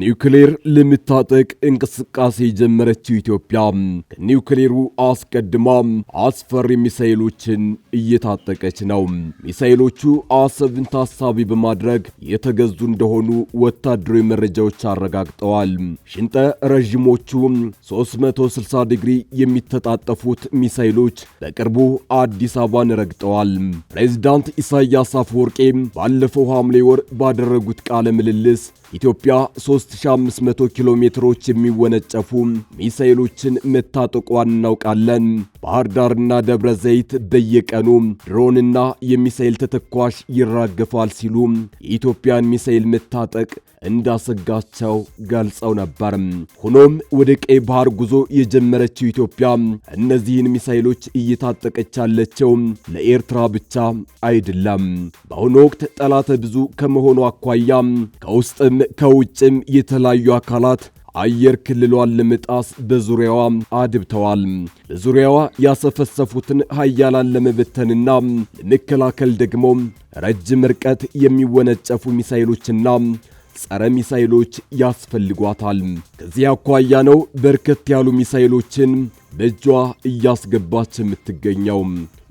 ኒውክሌር ለምታጠቅ እንቅስቃሴ የጀመረችው ኢትዮጵያ ከኒውክሌሩ አስቀድማ አስፈሪ ሚሳኤሎችን እየታጠቀች ነው። ሚሳኤሎቹ አሰብን ታሳቢ በማድረግ የተገዙ እንደሆኑ ወታደራዊ መረጃዎች አረጋግጠዋል። ሽንጠ ረዥሞቹ 360 ዲግሪ የሚተጣጠፉት ሚሳኤሎች በቅርቡ አዲስ አበባን ረግጠዋል። ፕሬዚዳንት ኢሳያስ አፈወርቄ ባለፈው ሐምሌ ወር ባደረጉት ቃለ ምልልስ ኢትዮጵያ 3500 ኪሎ ሜትሮች የሚወነጨፉ ሚሳኤሎችን መታጠቋን እናውቃለን። ባህር ዳርና ደብረ ዘይት በየቀኑ ድሮንና የሚሳኤል ተተኳሽ ይራገፋል ሲሉ የኢትዮጵያን ሚሳኤል መታጠቅ እንዳሰጋቸው ገልጸው ነበር። ሆኖም ወደ ቀይ ባህር ጉዞ የጀመረችው ኢትዮጵያ እነዚህን ሚሳኤሎች እየታጠቀች ያለችው ለኤርትራ ብቻ አይደለም። በአሁኑ ወቅት ጠላተ ብዙ ከመሆኑ አኳያ ከውስጥም ከውጭም የተለያዩ አካላት አየር ክልሏን ለመጣስ በዙሪያዋ አድብተዋል። በዙሪያዋ ያሰፈሰፉትን ሀያላን ለመበተንና ለመከላከል ደግሞ ረጅም ርቀት የሚወነጨፉ ሚሳይሎችና ጸረ ሚሳይሎች ያስፈልጓታል። ከዚህ አኳያ ነው በርከት ያሉ ሚሳይሎችን በእጇ እያስገባች የምትገኘው።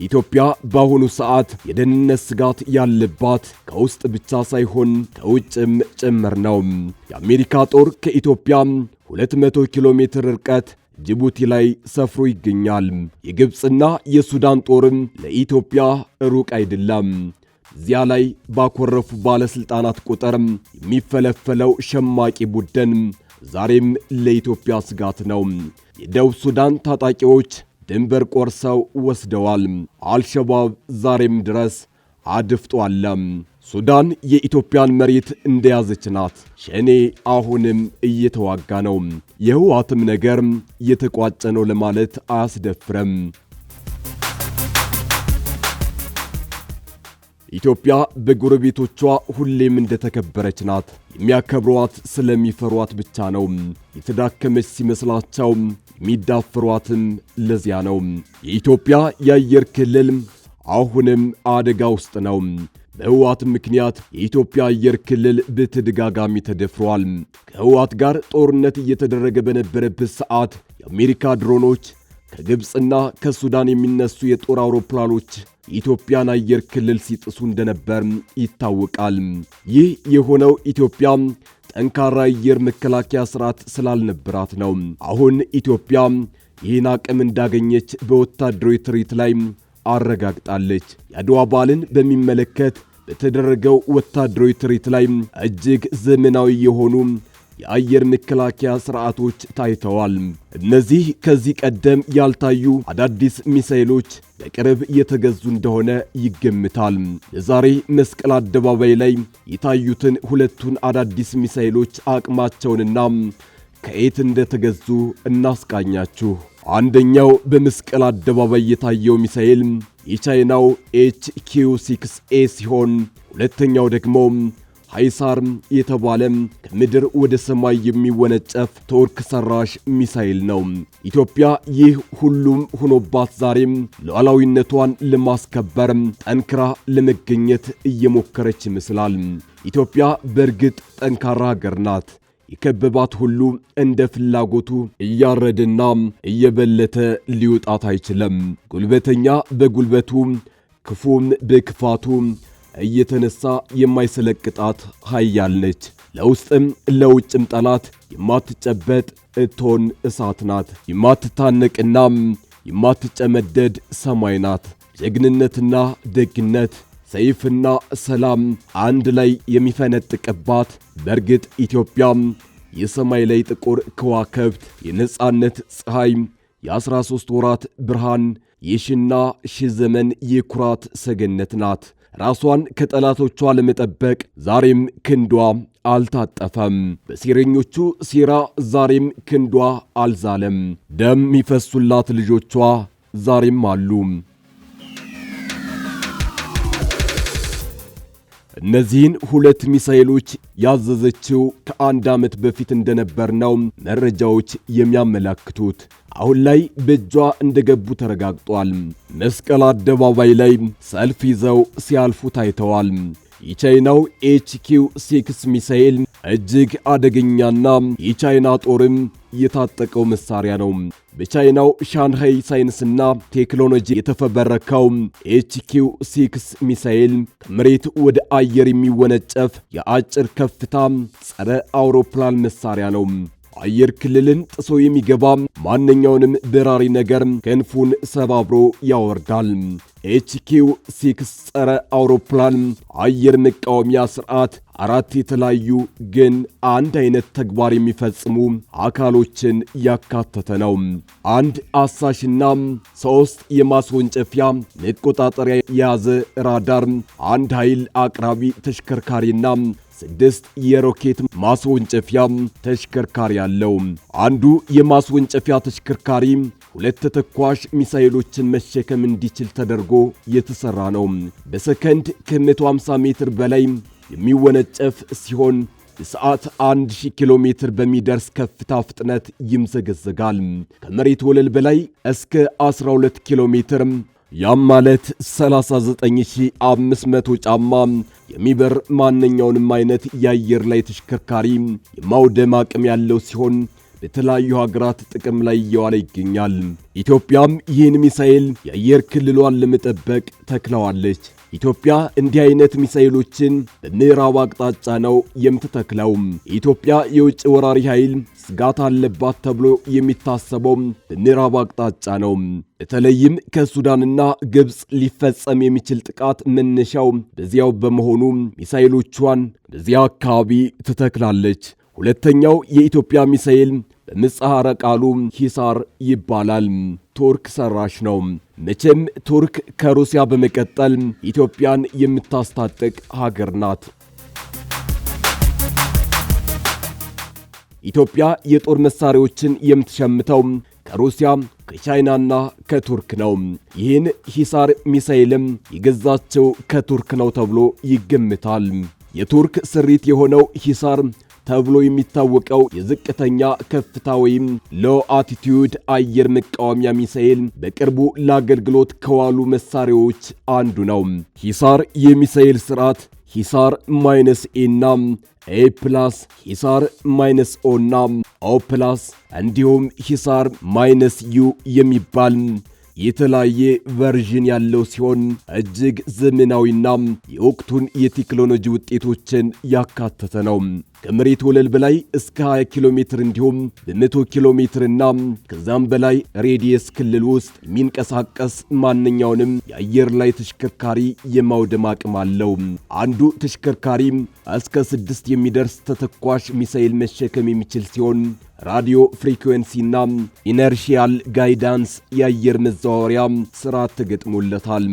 ኢትዮጵያ በአሁኑ ሰዓት የደህንነት ስጋት ያለባት ከውስጥ ብቻ ሳይሆን ከውጭም ጭምር ነው። የአሜሪካ ጦር ከኢትዮጵያ 200 ኪሎ ሜትር ርቀት ጅቡቲ ላይ ሰፍሮ ይገኛል። የግብፅና የሱዳን ጦርም ለኢትዮጵያ ሩቅ አይደለም። እዚያ ላይ ባኮረፉ ባለሥልጣናት ቁጥር የሚፈለፈለው ሸማቂ ቡድን ዛሬም ለኢትዮጵያ ስጋት ነው። የደቡብ ሱዳን ታጣቂዎች ድንበር ቆርሰው ወስደዋል። አልሸባብ ዛሬም ድረስ አድፍጦ አለ። ሱዳን የኢትዮጵያን መሬት እንደያዘች ናት። ሸኔ አሁንም እየተዋጋ ነው። የህዋትም ነገር እየተቋጨ ነው ለማለት አያስደፍርም። ኢትዮጵያ በጎረቤቶቿ ሁሌም እንደተከበረች ናት። የሚያከብሯት ስለሚፈሯት ብቻ ነው። የተዳከመች ሲመስላቸው የሚዳፍሯትም ለዚያ ነው። የኢትዮጵያ የአየር ክልል አሁንም አደጋ ውስጥ ነው። በህወሓት ምክንያት የኢትዮጵያ አየር ክልል በተደጋጋሚ ተደፍሯል። ከህወሓት ጋር ጦርነት እየተደረገ በነበረበት ሰዓት የአሜሪካ ድሮኖች ከግብፅና ከሱዳን የሚነሱ የጦር አውሮፕላኖች የኢትዮጵያን አየር ክልል ሲጥሱ እንደነበር ይታወቃል። ይህ የሆነው ኢትዮጵያ ጠንካራ አየር መከላከያ ስርዓት ስላልነበራት ነው። አሁን ኢትዮጵያ ይህን አቅም እንዳገኘች በወታደራዊ ትርኢት ላይ አረጋግጣለች። የአድዋ በዓልን በሚመለከት በተደረገው ወታደራዊ ትርኢት ላይ እጅግ ዘመናዊ የሆኑ የአየር መከላከያ ስርዓቶች ታይተዋል። እነዚህ ከዚህ ቀደም ያልታዩ አዳዲስ ሚሳይሎች በቅርብ እየተገዙ እንደሆነ ይገምታል። የዛሬ መስቀል አደባባይ ላይ የታዩትን ሁለቱን አዳዲስ ሚሳይሎች አቅማቸውንና ከየት እንደተገዙ እናስቃኛችሁ። አንደኛው በመስቀል አደባባይ የታየው ሚሳኤል የቻይናው ኤች ኪዩ ሲክስ ኤ ሲሆን ሁለተኛው ደግሞ ሐይሳር የተባለ ከምድር ወደ ሰማይ የሚወነጨፍ ቱርክ ሰራሽ ሚሳኤል ነው። ኢትዮጵያ ይህ ሁሉም ሆኖባት ዛሬም ሉዓላዊነቷን ለማስከበር ጠንክራ ለመገኘት እየሞከረች ይመስላል። ኢትዮጵያ በእርግጥ ጠንካራ ሀገር ናት። የከበባት ሁሉ እንደ ፍላጎቱ እያረደና እየበለተ ሊውጣት አይችልም። ጉልበተኛ በጉልበቱ ክፉም በክፋቱ እየተነሳ የማይሰለቅጣት ቅጣት ኃያል ነች። ለውስጥም ለውጭም ጠላት የማትጨበጥ እቶን እሳት ናት። የማትታነቅና የማትጨመደድ ሰማይ ናት። ጀግንነትና ደግነት ሰይፍና ሰላም አንድ ላይ የሚፈነጥቅባት በእርግጥ ኢትዮጵያ የሰማይ ላይ ጥቁር ከዋክብት የነጻነት ፀሐይ የ13 ወራት ብርሃን የሺና ሺህ ዘመን የኩራት ሰገነት ናት። ራሷን ከጠላቶቿ ለመጠበቅ ዛሬም ክንዷ አልታጠፈም። በሴረኞቹ ሴራ ዛሬም ክንዷ አልዛለም። ደም የሚፈሱላት ልጆቿ ዛሬም አሉ። እነዚህን ሁለት ሚሳኤሎች ያዘዘችው ከአንድ ዓመት በፊት እንደነበር ነው መረጃዎች የሚያመላክቱት። አሁን ላይ በእጇ እንደገቡ ተረጋግጧል። መስቀል አደባባይ ላይ ሰልፍ ይዘው ሲያልፉ ታይተዋል። የቻይናው ኤችኪው ሲክስ ሚሳኤል እጅግ አደገኛና የቻይና ጦርም የታጠቀው መሳሪያ ነው። በቻይናው ሻንሃይ ሳይንስና ቴክኖሎጂ የተፈበረከው ኤችኪው ሲክስ ሚሳኤል ከመሬት ወደ አየር የሚወነጨፍ የአጭር ከፍታ ጸረ አውሮፕላን መሳሪያ ነው። አየር ክልልን ጥሶ የሚገባ ማንኛውንም በራሪ ነገር ክንፉን ሰባብሮ ያወርዳል። ኤችኪው ሲክስ ጸረ አውሮፕላን አየር መቃወሚያ ስርዓት አራት የተለያዩ ግን አንድ አይነት ተግባር የሚፈጽሙ አካሎችን ያካተተ ነው። አንድ አሳሽና ሶስት የማስወንጨፊያ መቆጣጠሪያ የያዘ ራዳር፣ አንድ ኃይል አቅራቢ ተሽከርካሪና ስድስት የሮኬት ማስወንጨፊያ ተሽከርካሪ አለው። አንዱ የማስወንጨፊያ ተሽከርካሪ ሁለት ተኳሽ ሚሳኤሎችን መሸከም እንዲችል ተደርጎ የተሰራ ነው። በሰከንድ ከ150 ሜትር በላይ የሚወነጨፍ ሲሆን የሰዓት 1000 ኪሎ ሜትር በሚደርስ ከፍታ ፍጥነት ይምዘገዘጋል። ከመሬት ወለል በላይ እስከ 12 ኪሎ ሜትር ያም ማለት 39500 ጫማ የሚበር ማንኛውንም አይነት የአየር ላይ ተሽከርካሪ የማውደም አቅም ያለው ሲሆን በተለያዩ ሀገራት ጥቅም ላይ እየዋለ ይገኛል። ኢትዮጵያም ይህን ሚሳኤል የአየር ክልሏን ለመጠበቅ ተክለዋለች። ኢትዮጵያ እንዲህ አይነት ሚሳኤሎችን በምዕራብ አቅጣጫ ነው የምትተክለው። የኢትዮጵያ የውጭ ወራሪ ኃይል ስጋት አለባት ተብሎ የሚታሰበው በምዕራብ አቅጣጫ ነው። በተለይም ከሱዳንና ግብፅ ሊፈጸም የሚችል ጥቃት መነሻው በዚያው በመሆኑ ሚሳኤሎቿን በዚያ አካባቢ ትተክላለች። ሁለተኛው የኢትዮጵያ ሚሳኤል በምጽሐረ ቃሉ ሂሳር ይባላል። ቱርክ ሰራሽ ነው። መቼም ቱርክ ከሩሲያ በመቀጠል ኢትዮጵያን የምታስታጥቅ ሀገር ናት። ኢትዮጵያ የጦር መሳሪያዎችን የምትሸምተው ከሩሲያ ከቻይናና ከቱርክ ነው። ይህን ሂሳር ሚሳኤልም የገዛቸው ከቱርክ ነው ተብሎ ይገምታል። የቱርክ ስሪት የሆነው ሂሳር ተብሎ የሚታወቀው የዝቅተኛ ከፍታ ወይም ሎ አቲቲዩድ አየር መቃወሚያ ሚሳኤል በቅርቡ ለአገልግሎት ከዋሉ መሳሪያዎች አንዱ ነው። ሂሳር የሚሳኤል ስርዓት ሂሳር ማይነስ ኤ እና ኤ ፕላስ፣ ሂሳር ማይነስ ኦ ኦ ፕላስ እንዲሁም ሂሳር ማይነስ ዩ የሚባል የተለያየ ቨርዥን ያለው ሲሆን እጅግ ዘመናዊና የወቅቱን የቴክኖሎጂ ውጤቶችን ያካተተ ነው። ከመሬት ወለል በላይ እስከ 20 ኪሎ ሜትር እንዲሁም በ100 ኪሎ ሜትር እና ከዛም በላይ ሬዲየስ ክልል ውስጥ የሚንቀሳቀስ ማንኛውንም የአየር ላይ ተሽከርካሪ የማውደም አቅም አለው። አንዱ ተሽከርካሪ እስከ ስድስት የሚደርስ ተተኳሽ ሚሳኤል መሸከም የሚችል ሲሆን ራዲዮ ፍሪኩዌንሲና ኢነርሺያል ጋይዳንስ የአየር መዘዋወሪያ ስርዓት ተገጥሞለታል።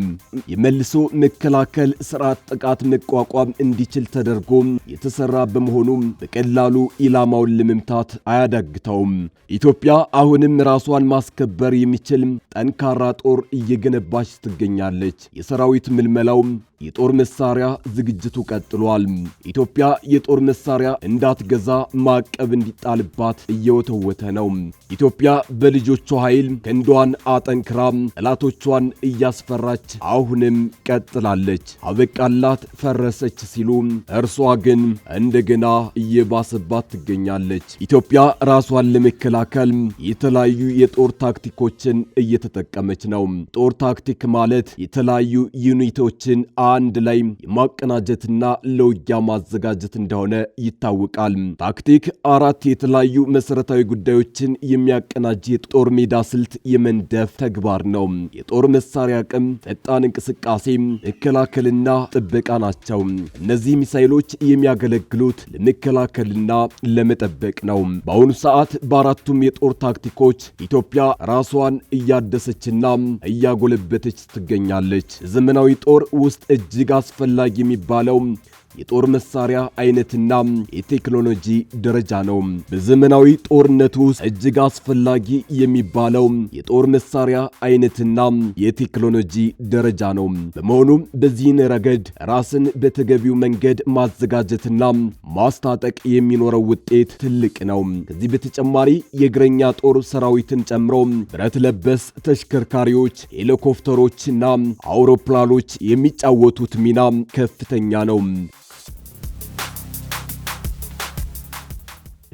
የመልሶ መከላከል ስርዓት ጥቃት መቋቋም እንዲችል ተደርጎ የተሰራ በመሆኑ በመሆኑም በቀላሉ ኢላማውን ለመምታት አያዳግተውም። ኢትዮጵያ አሁንም ራሷን ማስከበር የሚችል ጠንካራ ጦር እየገነባች ትገኛለች። የሰራዊት ምልመላው የጦር መሳሪያ ዝግጅቱ ቀጥሏል። ኢትዮጵያ የጦር መሳሪያ እንዳትገዛ ማዕቀብ እንዲጣልባት እየወተወተ ነው። ኢትዮጵያ በልጆቿ ኃይል ክንዷን አጠንክራ ጠላቶቿን እያስፈራች አሁንም ቀጥላለች። አበቃላት፣ ፈረሰች ሲሉ እርሷ ግን እንደገና እየባሰባት ትገኛለች። ኢትዮጵያ ራሷን ለመከላከል የተለያዩ የጦር ታክቲኮችን እየተጠቀመች ነው። ጦር ታክቲክ ማለት የተለያዩ ዩኒቶችን አ አንድ ላይ የማቀናጀትና ለውጊያ ማዘጋጀት እንደሆነ ይታወቃል። ታክቲክ አራት የተለያዩ መሰረታዊ ጉዳዮችን የሚያቀናጅ የጦር ሜዳ ስልት የመንደፍ ተግባር ነው። የጦር መሳሪያ አቅም፣ ፈጣን እንቅስቃሴ፣ መከላከልና ጥበቃ ናቸው። እነዚህ ሚሳይሎች የሚያገለግሉት ለመከላከልና ለመጠበቅ ነው። በአሁኑ ሰዓት በአራቱም የጦር ታክቲኮች ኢትዮጵያ ራሷን እያደሰችና እያጎለበተች ትገኛለች። ዘመናዊ ጦር ውስጥ እጅግ አስፈላጊ የሚባለው የጦር መሳሪያ አይነትና የቴክኖሎጂ ደረጃ ነው። በዘመናዊ ጦርነት ውስጥ እጅግ አስፈላጊ የሚባለው የጦር መሳሪያ አይነትና የቴክኖሎጂ ደረጃ ነው። በመሆኑም በዚህን ረገድ ራስን በተገቢው መንገድ ማዘጋጀትና ማስታጠቅ የሚኖረው ውጤት ትልቅ ነው። ከዚህ በተጨማሪ የእግረኛ ጦር ሰራዊትን ጨምሮ ብረት ለበስ ተሽከርካሪዎች፣ ሄሊኮፕተሮችና አውሮፕላኖች የሚጫወቱት ሚና ከፍተኛ ነው።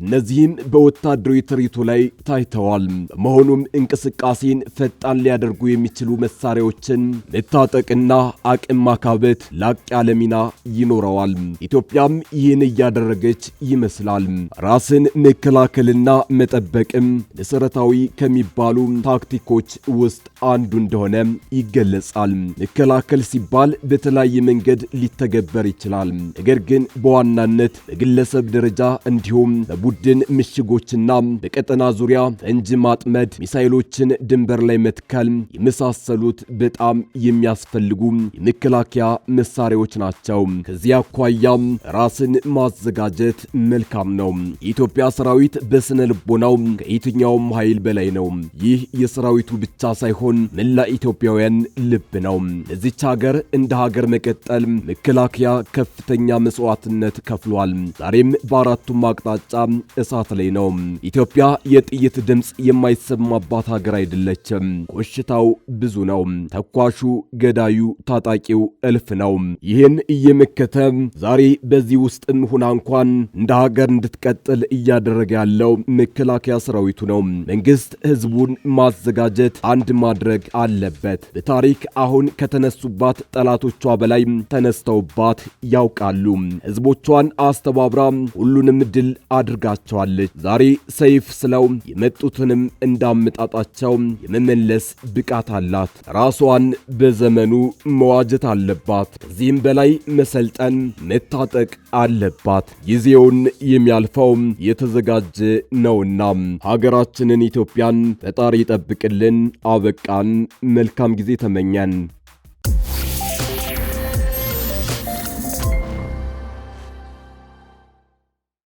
እነዚህም በወታደራዊ ትርኢቱ ላይ ታይተዋል። በመሆኑም እንቅስቃሴን ፈጣን ሊያደርጉ የሚችሉ መሳሪያዎችን መታጠቅና አቅም ማካበት ላቅ ያለ ሚና ይኖረዋል። ኢትዮጵያም ይህን እያደረገች ይመስላል። ራስን መከላከልና መጠበቅም መሰረታዊ ከሚባሉ ታክቲኮች ውስጥ አንዱ እንደሆነ ይገለጻል። መከላከል ሲባል በተለያየ መንገድ ሊተገበር ይችላል። ነገር ግን በዋናነት በግለሰብ ደረጃ እንዲሁም ቡድን ምሽጎችና በቀጠና ዙሪያ ፈንጅ ማጥመድ፣ ሚሳይሎችን ድንበር ላይ መትከል የመሳሰሉት በጣም የሚያስፈልጉ የመከላከያ መሳሪያዎች ናቸው። ከዚህ አኳያም ራስን ማዘጋጀት መልካም ነው። የኢትዮጵያ ሰራዊት በስነ ልቦናው ከየትኛውም ኃይል በላይ ነው። ይህ የሰራዊቱ ብቻ ሳይሆን መላ ኢትዮጵያውያን ልብ ነው። ለዚች ሀገር እንደ ሀገር መቀጠል መከላከያ ከፍተኛ መስዋዕትነት ከፍሏል። ዛሬም በአራቱም አቅጣጫ እሳት ላይ ነው። ኢትዮጵያ የጥይት ድምፅ የማይሰማባት ሀገር አይደለችም። ኮሽታው ብዙ ነው። ተኳሹ፣ ገዳዩ፣ ታጣቂው እልፍ ነው። ይህን እየመከተ ዛሬ በዚህ ውስጥም ሁና እንኳን እንደ ሀገር እንድትቀጥል እያደረገ ያለው መከላከያ ሰራዊቱ ነው። መንግስት ህዝቡን ማዘጋጀት አንድ ማድረግ አለበት። በታሪክ አሁን ከተነሱባት ጠላቶቿ በላይ ተነስተውባት ያውቃሉ። ህዝቦቿን አስተባብራ ሁሉንም ድል አድርጋ አድርጋቸዋለች። ዛሬ ሰይፍ ስለው የመጡትንም እንዳመጣጣቸው የመመለስ ብቃት አላት። ራሷን በዘመኑ መዋጀት አለባት። ከዚህም በላይ መሰልጠን፣ መታጠቅ አለባት። ጊዜውን የሚያልፈው የተዘጋጀ ነውና ሀገራችንን ኢትዮጵያን ፈጣሪ ይጠብቅልን። አበቃን። መልካም ጊዜ ተመኘን።